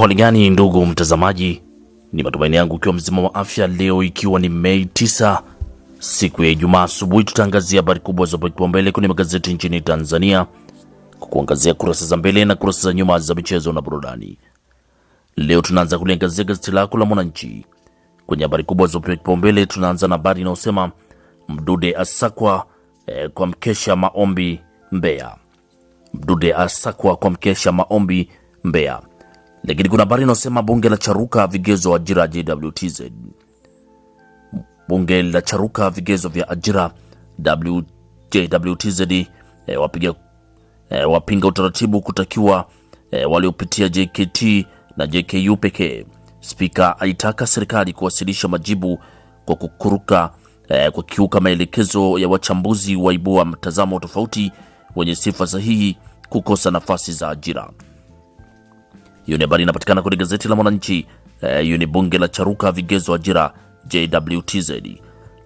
Hali gani ndugu mtazamaji, ni matumaini yangu ukiwa mzima wa afya. Leo ikiwa ni Mei 9 siku ya Ijumaa asubuhi, tutaangazia habari kubwa zopewa kipaumbele kwenye magazeti nchini Tanzania, kwa kuangazia kurasa za mbele na kurasa za nyuma za michezo na burudani. Leo tunaanza kuliangazia gazeti lako la Mwananchi kwenye habari kubwa zopewa kipaumbele. Tunaanza na habari inayosema Mdude asakwa eh, kwa mkesha maombi Mbeya. Mdude asakwa kwa mkesha maombi Mbeya. Lakini kuna habari inayosema bunge la charuka vigezo ajira JWTZ. Bunge la charuka vigezo vya ajira JWTZ, e, eh, wapiga, e, wapinga utaratibu kutakiwa e, waliopitia JKT na JKU pekee. Spika aitaka serikali kuwasilisha majibu kwa kukuruka e, kwa kiuka maelekezo ya wachambuzi waibua mtazamo tofauti wenye sifa sahihi kukosa nafasi za ajira. Hiyo ni habari inapatikana kwenye gazeti la Mwananchi. Eh, hiyo e, ni bunge la charuka vigezo ajira JWTZ.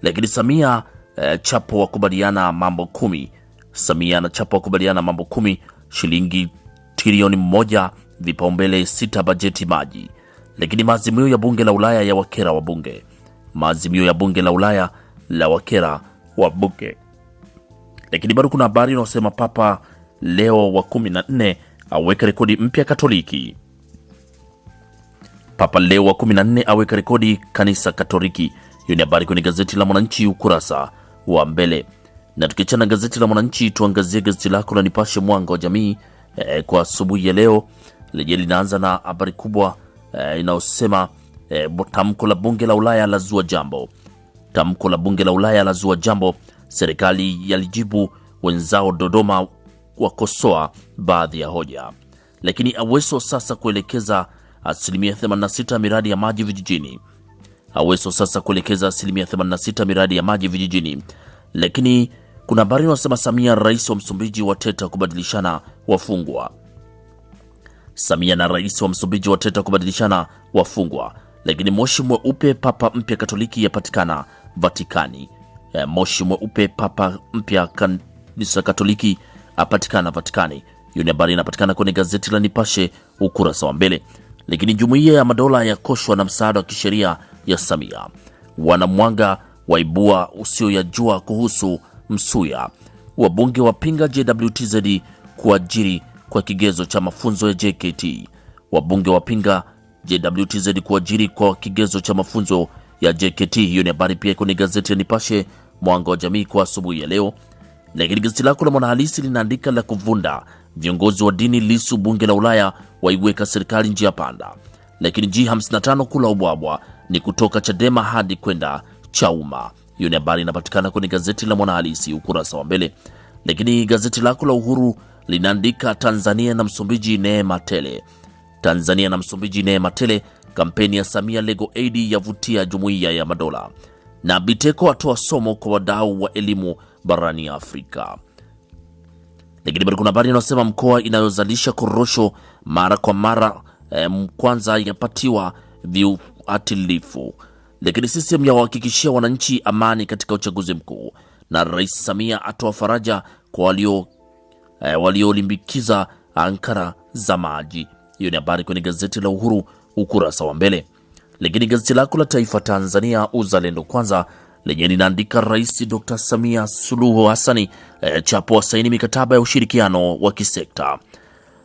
Lakini Samia e, Chapo wakubaliana mambo kumi. Samia na Chapo wakubaliana mambo kumi. Shilingi trilioni moja vipaumbele sita bajeti maji. Lakini maazimio ya bunge la Ulaya ya wakera wa bunge. Maazimio ya bunge la Ulaya la wakera wa bunge. Lakini bado kuna habari inayosema Papa Leo wa 14 aweka rekodi mpya Katoliki. Papa Leo wa 14 aweka rekodi kanisa Katoliki. Hiyo ni habari kwenye gazeti la Mwananchi ukurasa wa mbele. Na tukichana gazeti la Mwananchi, tuangazie gazeti lako la Nipashe mwanga wa jamii e, kwa asubuhi ya leo lenye linaanza na habari kubwa e, inayosema e, tamko la bunge la Ulaya la zua jambo. Tamko la bunge la Ulaya la zua jambo. Serikali yalijibu wenzao Dodoma wakosoa baadhi ya hoja, lakini Aweso sasa kuelekeza asilimia 86 miradi ya maji vijijini. Aweso sasa kuelekeza asilimia 86 miradi ya maji vijijini. Lakini kuna habari inasema Samia rais wa Msumbiji wateta kubadilishana wafungwa. Samia na rais wa Msumbiji wateta kubadilishana wafungwa. Lakini moshi mweupe papa mpya Katoliki yapatikana Vatikani. E, moshi mweupe papa mpya kanisa Katoliki apatikana Vatikani. Hiyo ni habari inapatikana kwenye gazeti la Nipashe ukurasa wa mbele lakini jumuiya ya madola yakoshwa na msaada wa kisheria ya Samia. Wanamwanga waibua usioyajua kuhusu Msuya. Wabunge wapinga JWTZ kuajiri kwa kigezo cha mafunzo ya JKT. Wabunge wapinga JWTZ kuajiri kwa kigezo cha mafunzo ya JKT. Hiyo ni habari pia kwenye gazeti ya Nipashe Mwanga wa Jamii kwa asubuhi ya leo. Lakini gazeti lako la Mwanahalisi linaandika la kuvunda, viongozi wa dini Lisu bunge la Ulaya waiweka serikali njia panda, lakini G55 kula ubwabwa ni kutoka Chadema hadi kwenda Chauma. Hiyo ni habari inapatikana kwenye gazeti la Mwanahalisi ukurasa wa mbele, lakini gazeti lako la Uhuru linaandika Tanzania na Msumbiji neema tele. Tanzania na Msumbiji neema tele, kampeni ya Samia Lego Aid yavutia jumuiya ya madola, na Biteko atoa somo kwa wadau wa elimu barani Afrika. Lakini bado kuna habari inayosema mkoa inayozalisha korosho mara kwa mara eh, kwanza yapatiwa viuatilifu. Lakini CCM yawahakikishia wananchi amani katika uchaguzi mkuu, na Rais Samia atoa faraja kwa walio eh, waliolimbikiza ankara za maji. Hiyo ni habari kwenye gazeti la Uhuru ukurasa wa mbele. Lakini gazeti lako la Taifa Tanzania Uzalendo Kwanza lenye linaandika Rais Dr. Samia Suluhu Hassani e, chapo wasaini mikataba ya ushirikiano wa kisekta.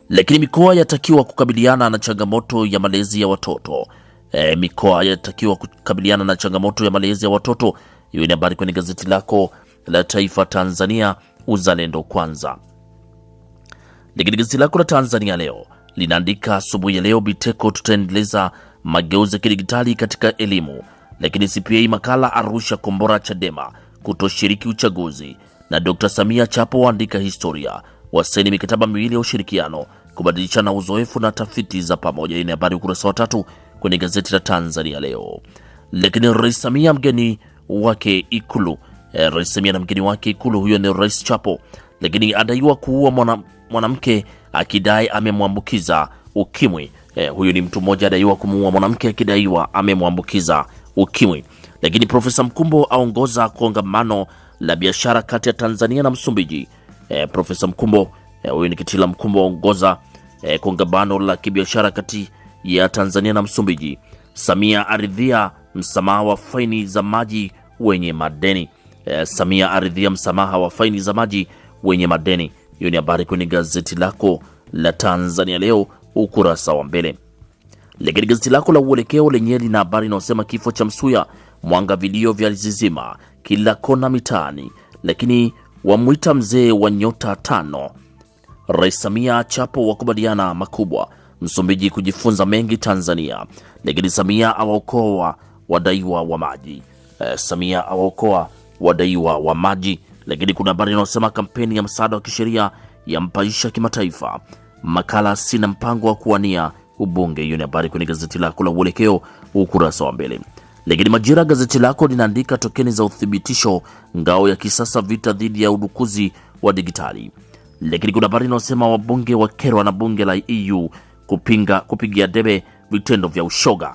Lakini mikoa yatakiwa kukabiliana na changamoto ya malezi ya watoto e, mikoa yatakiwa kukabiliana na changamoto ya malezi ya watoto. Hiyo ni habari kwenye gazeti lako la Taifa Tanzania Uzalendo Kwanza. Lakini gazeti lako la Tanzania Leo linaandika asubuhi ya leo, Biteko tutaendeleza mageuzi ya kidigitali katika elimu lakini CPA makala arusha kombora Chadema kutoshiriki uchaguzi, na Dr. Samia Chapo waandika historia, wasaini mikataba miwili ya ushirikiano kubadilishana uzoefu na tafiti za pamoja. Hii ni habari ukurasa wa tatu kwenye gazeti la Tanzania Leo. Lakini Rais Samia mgeni wake Ikulu, eh, Rais Samia na mgeni wake Ikulu, huyo ni Rais Chapo, lakini adaiwa kuua mwanamke mwana akidai amemwambukiza ukimwi. Eh, huyu ni mtu mmoja adaiwa kumuua mwanamke akidaiwa amemwambukiza ukimwi. Lakini Profesa Mkumbo aongoza kongamano la biashara kati ya Tanzania na Msumbiji. E, Profesa Mkumbo e, huyu e, ni Kitila Mkumbo aongoza e, kongamano la kibiashara kati ya Tanzania na Msumbiji. Samia aridhia msamaha wa faini za maji wenye madeni. E, Samia aridhia msamaha wa faini za maji wenye madeni. Hiyo ni habari kwenye gazeti lako la Tanzania leo ukurasa wa mbele. Lakini gazeti lako la Uelekeo lenye lina habari inayosema kifo cha Msuya, mwanga vilio vya lizizima kila kona mitaani, lakini wamwita mzee wa nyota tano. Rais Samia chapo wakubaliana makubwa, Msumbiji kujifunza mengi Tanzania, lakini Samia awaokoa wadaiwa wa maji. Eh, Samia awaokoa wadaiwa wa maji. Lakini kuna habari inayosema kampeni ya msaada wa kisheria yampaisha kimataifa. Makala sina mpango wa kuwania ubunge. Hiyo ni habari kwenye gazeti lako la Uelekeo ukurasa wa mbele. Lakini Majira gazeti lako linaandika tokeni za uthibitisho, ngao ya kisasa vita dhidi ya udukuzi wa digitali. Lakini kuna habari inayosema wabunge wakerwa na bunge la EU kupinga kupigia debe vitendo vya ushoga.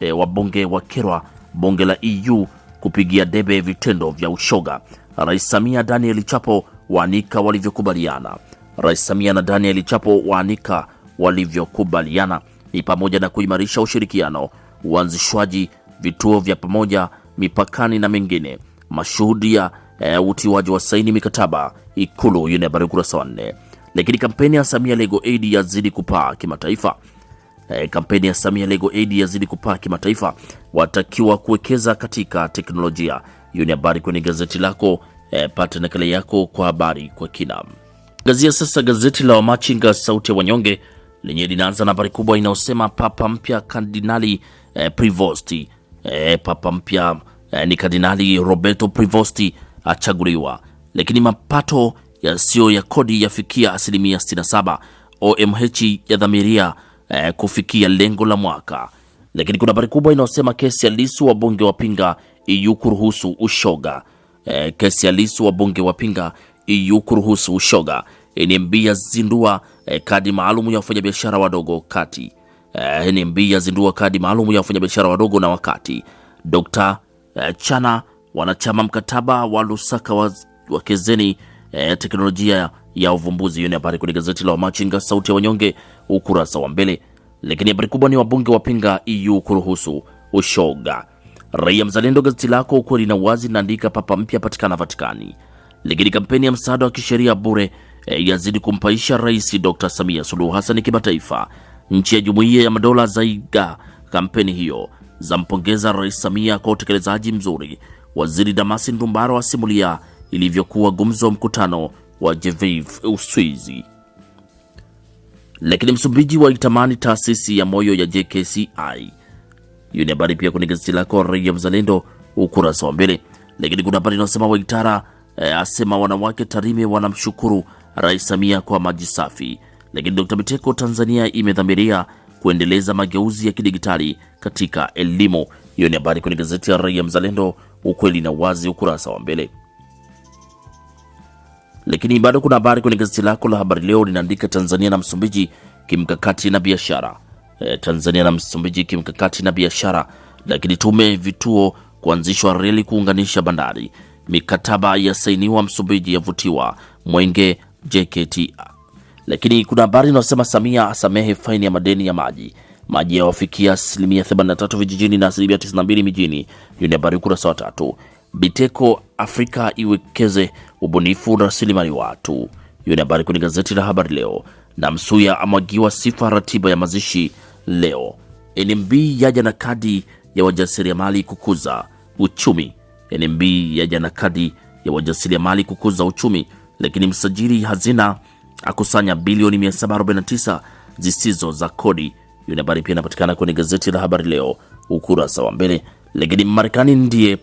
E, wabunge wakerwa bunge la EU kupigia debe vitendo vya ushoga. Rais Samia Daniel Chapo waanika walivyokubaliana. Rais Samia na Daniel Chapo waanika walivyokubaliana ni pamoja na kuimarisha ushirikiano, uanzishwaji vituo vya pamoja mipakani na mengine. Mashuhudia ya e, utiwaji wa saini mikataba Ikulu. Hiyo ni habari ukurasa wa nne. Lakini kampeni ya Samia Lego Aid yazidi kupaa kimataifa. E, kampeni ya Samia Lego Aid yazidi kupaa kimataifa, watakiwa kuwekeza katika teknolojia. Hiyo ni habari kwenye gazeti lako e, pata nakala yako kwa habari kwa kina. Gazia sasa gazeti la Wamachinga sauti ya wanyonge lenye linaanza na habari kubwa inayosema papa mpya Kardinali eh, Privosti. Eh, papa mpya eh, ni Kardinali Roberto Privosti achaguliwa, lakini mapato yasiyo ya kodi yafikia asilimia 67. OMH yadhamiria eh, kufikia lengo la mwaka. Lakini kuna habari kubwa inayosema kesi ya Lissu, wabunge wapinga EU kuruhusu ushoga. Eh, kesi ya Lissu, wabunge wapinga EU kuruhusu ushoga. Eh, NMB yazindua eh, kadi maalum ya wafanyabiashara wadogo kati. Eh, NMB yazindua kadi maalum ya wafanyabiashara wadogo na wakati. Dr. eh, Chana wanachama mkataba wa Lusaka wa, wakezeni eh, teknolojia ya uvumbuzi. Hiyo ni habari kwenye gazeti la Wamachinga sauti ya wanyonge ukurasa wa mbele, lakini habari kubwa ni wabunge wapinga EU kuruhusu ushoga. Raia Mzalendo gazeti lako ukweli na uwazi linaandika papa mpya patikana Vatikani, lakini kampeni ya msaada wa kisheria bure yazidi kumpaisha Rais Dr. Samia Suluhu Hassan kimataifa. Nchi ya Jumuiya ya Madola zaiga kampeni hiyo zampongeza Rais Samia kwa utekelezaji mzuri. Waziri Damasi Ndumbaro asimulia ilivyokuwa gumzo mkutano wa Geneva, Uswizi. Lakini Msumbiji waitamani taasisi ya moyo ya JKCI. Hiyo ni habari pia kwenye gazeti lako Raia Mzalendo ukurasa wa mbele. Lakini kuna habari inayosema Waitara eh, asema wanawake Tarime wanamshukuru Rais Samia kwa maji safi. Lakini Dr. Biteko, Tanzania imedhamiria kuendeleza mageuzi ya kidigitali katika elimu. Hiyo ni habari kwenye gazeti ya Raia Mzalendo, ukweli na wazi ukurasa wa mbele. Lakini bado kuna habari kwenye gazeti lako la Habari Leo linaandika Tanzania na Msumbiji kimkakati na biashara. E, Tanzania na Msumbiji kimkakati na biashara. Lakini tume vituo kuanzishwa reli kuunganisha bandari. Mikataba ya Msumbiji yavutiwa Mwenge JKT. Lakini kuna habari inayosema Samia asamehe faini ya madeni ya maji, maji yawafikia asilimia 83 vijijini na asilimia 92 mijini. Hiyo ni habari ukurasa wa tatu. Biteko Afrika iwekeze ubunifu na rasilimali watu. Hiyo ni habari kwenye gazeti la Habari Leo. Na Msuya amwagiwa sifa ratiba ya mazishi leo. NMB yaja na kadi ya wajasiriamali kukuza uchumi. NMB yaja na kadi ya wajasiriamali kukuza uchumi lakini msajili hazina akusanya bilioni 749 zisizo za kodi. Hiyo habari pia inapatikana kwenye gazeti la Habari Leo ukurasa wa mbele. Lakini Marekani ndiye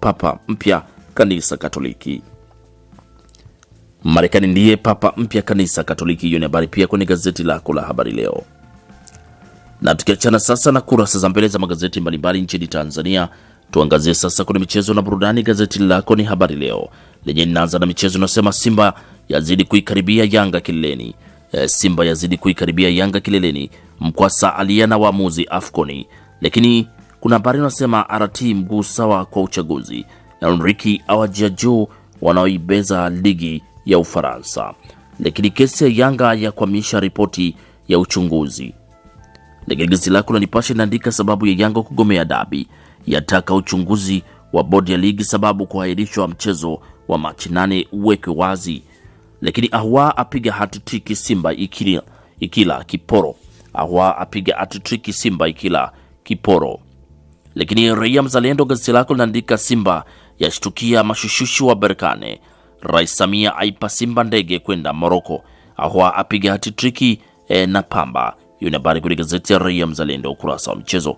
papa mpya kanisa Katoliki. Marekani ndiye papa mpya kanisa Katoliki. Hiyo ni habari pia kwenye gazeti lako la Habari Leo. Na tukiachana sasa na kurasa za mbele za magazeti mbalimbali nchini Tanzania, tuangazie sasa kwenye michezo na burudani. Gazeti lako ni Habari Leo lenye linaanza na michezo inasema Simba yazidi kuikaribia Yanga kileleni. E, Simba yazidi kuikaribia Yanga kileleni. Mkwasa aliana waamuzi Afconi, lakini kuna habari inasema RT mguu sawa kwa uchaguzi na Enrique awajia juu wanaoibeza ligi ya Ufaransa, lakini kesi ya Yanga kuhamisha ripoti ya uchunguzi. Lakini gazeti lako la Nipashe inaandika sababu ya Yanga kugomea dabi, yataka uchunguzi wa bodi ya ligi sababu kuahirishwa mchezo wa Machi nane uwekwe wazi. Lakini ahwa apiga hatritriki Simba ikila, ikila kiporo. Ahwa apiga hatritriki Simba ikila kiporo. Lakini Raia Mzalendo gazeti lako linaandika Simba yashtukia mashushushu wa Berkane. Rais Samia aipa Simba ndege kwenda Moroko. Ahwa apiga hatritriki e, eh, na Pamba. Hiyo ni habari kwenye gazeti ya Raia Mzalendo ukurasa wa mchezo.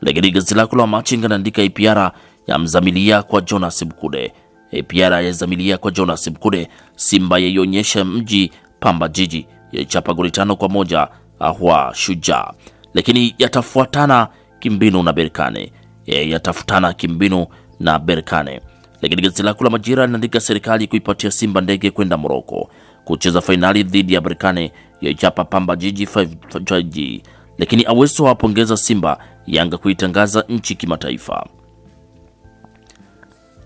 Lakini gazeti lako la Machinga linaandika IPR ya mzamilia kwa Jonas Mkude. E, Piara yazamilia kwa Jonas Mkude. Simba yaionyesha mji Pamba Jiji, yaichapa goli tano kwa moja Ahwa Shujaa, lakini yatafuatana kimbinu na Berkane e, yatafutana kimbinu na Berkane. Lakini gazeti lako la Majira linaandika serikali kuipatia Simba ndege kwenda Moroko kucheza fainali dhidi ya Berkane, yaichapa Pamba Jiji 5G. Lakini Aweso awapongeza Simba, Yanga kuitangaza nchi kimataifa.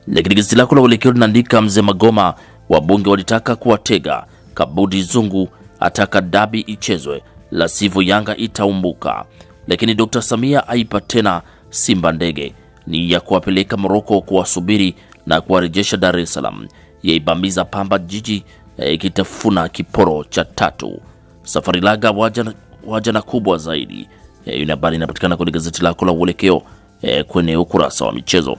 Lakini gazeti lako la Uelekeo linaandika mzee Magoma, wabunge walitaka kuwatega Kabudi Zungu ataka dabi ichezwe, la sivyo Yanga itaumbuka. Lakini Dr. Samia aipa tena Simba ndege ni ya kuwapeleka Moroko kuwasubiri na kuwarejesha Dar es Salaam, yaibambiza Pamba Jiji eh, ikitafuna kiporo cha tatu. Safari laga waja, waja na kubwa zaidi. Eh, hiyo habari inapatikana kwenye gazeti lako la Uelekeo eh, kwenye ukurasa wa michezo.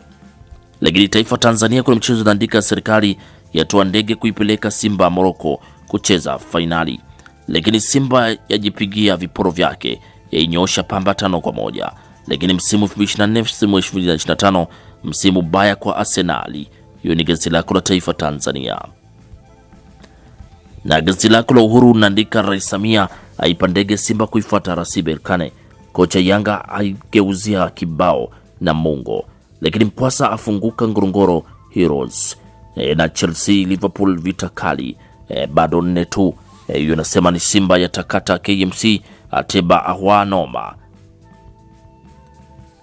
Lakini taifa Tanzania kuna mchezo unaandika, serikali yatoa ndege kuipeleka Simba Moroko kucheza fainali. Lakini Simba yajipigia viporo vyake, yainyosha Pamba tano kwa moja. Lakini msimu 2024 msimu 2025 msimu baya kwa Arsenali. Hiyo ni gazeti lako la taifa Tanzania na gazeti lako la Uhuru unaandika Rais Samia aipa ndege Simba kuifuata RC Berkane, kocha Yanga aigeuzia kibao na Mungo lakini Mkwasa afunguka Ngorongoro Heroes. E, na Chelsea Liverpool vita kali e, bado nne tu e, hiyo. E, nasema ni Simba ya takata KMC Ateba noma.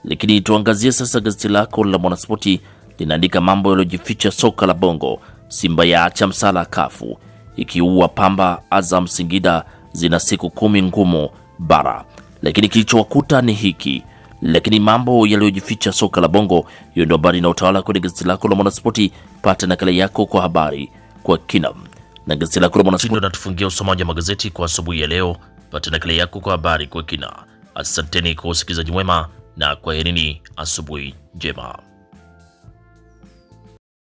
Lakini tuangazie sasa gazeti lako la Mwanaspoti linaandika mambo yaliyojificha soka la Bongo. Simba ya acha msala kafu ikiua Pamba. Azam Singida zina siku kumi ngumu bara, lakini kilichowakuta ni hiki lakini mambo yaliyojificha soka la bongo. Hiyo ndio habari na utawala kwenye gazeti lako la Mwanaspoti. Pata nakala yako kwa habari kwa kina, na gazeti lako la Mwanaspoti natufungia usomaji wa magazeti kwa asubuhi ya leo. Pata nakala yako kwa habari kwa kina. Asanteni kwa usikilizaji mwema na kwaherini, asubuhi njema.